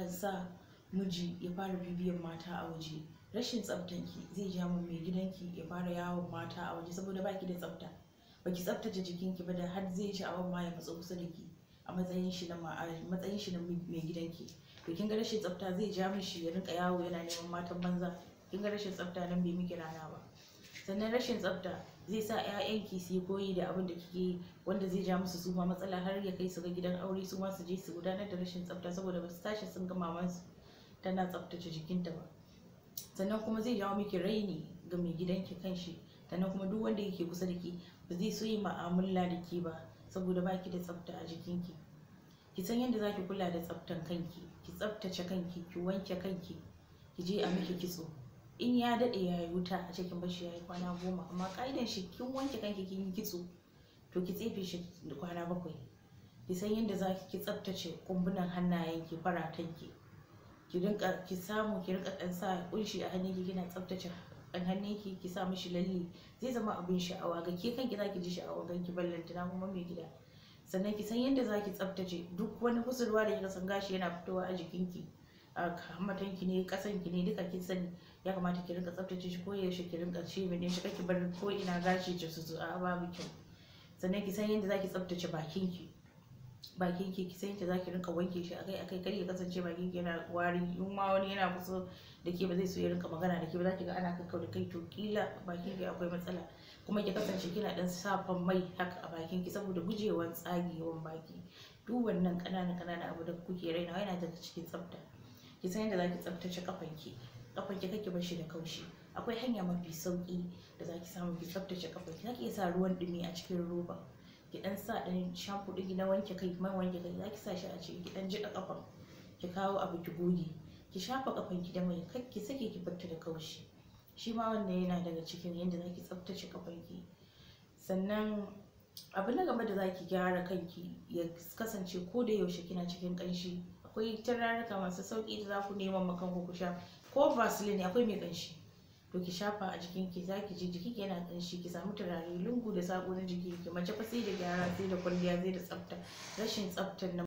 kan sa miji ya fara bibiyan mata a waje rashin tsaftanki zai ja mu mai gidanki ya fara yawon mata a waje saboda baki da tsafta baki tsaftace jikinki ba da har zai ci ma ya matsa kusa da ki a matsayin shi na matsayin shi na mai gidanki to kin ga rashin tsafta zai ja mishi ya rinka yawo yana neman matan banza kin ga rashin tsafta nan bai miki rana ba sannan rashin tsafta zai sa 'ya'yanki su yi koyi da abin da kike yi wanda zai ja musu suma matsala har ya kai su ga gidan aure su ma su je su gudanar da rashin tsafta saboda ba su tashi sun ga mamansu tana tsaftace jikinta ba sannan kuma zai jawo miki raini ga mai gidanki kanshi sannan kuma duk wanda yake kusa da ke ba zai so yi ma'amala da ke ba saboda baki da tsafta a jikinki ki san yadda za ki kula da tsaftan kanki ki tsaftace kanki ki wanke kanki ki je a miki kitso in ya daɗe ya yi wuta a cikin bashi ya yi kwana goma amma ka'idan shi kin wanke kanki kin yi kitso to ki tsefe shi da kwana bakwai ki san yadda za ki tsaftace kumbunan hannayenki ki rinka ki samu ki rinka ɗan sa kunshi a hannunki kina tsaftace ɗan hannunki ki sa mishi lalle zai zama abin sha'awa ga ke kanki za ki ji sha'awa ganki na kuma mai gida sannan ki san yadda za ki tsaftace duk wani kusurwa da kika san gashi yana fitowa a jikinki hamatan ki ne kasan ki ne duka kin sani ya kamata ki rinka tsaftace shi ko yaushe ki rinka shi ne shi kake bar ko ina gashi ki su a babu kyau sannan ki san yadda zaki tsaftace bakin ki bakin ki ki san yadda zaki rinka wanke shi akai akai kar ya kasance bakin ki yana wari in ma wani yana kusa da ke ba zai so ya rinka magana da ke ba zaki ga ana kakkau da kai to kila bakin ki akwai matsala kuma ki kasance kina dan safan mai haka a bakin ki saboda gujewa tsagewan baki duk wannan kanana kanana abu da kuke rainawa yana daga cikin tsafta ki san yadda ki tsaftace kafanki kafanki kake bar shi da kaushi akwai hanya mafi sauki da zaki samu ki tsaftace kafanki zaki iya sa ruwan dumi a cikin roba ki dan sa dan shampoo din na wanke kai man wanke kai zaki sa shi a ciki ki dan jiƙa kafan ki kawo abu ki goge ki shafa kafanki da mai kai ki sake ki barta da kaushi shi ma wannan yana daga cikin yadda zaki tsaftace kafanki sannan abu na gaba da zaki gyara kanki ya kasance ko da yaushe kina cikin kanshi. akwai turaruka masu sauki da za ku nema ma ku sha ko vaseline akwai mai kanshi to ki shafa a jikin ki za ki ji jiki yana kanshi ki samu turare lungu da sabonin na jiki ki mace fa sai da gyara sai da kwalliya sai da tsafta rashin tsaftar nan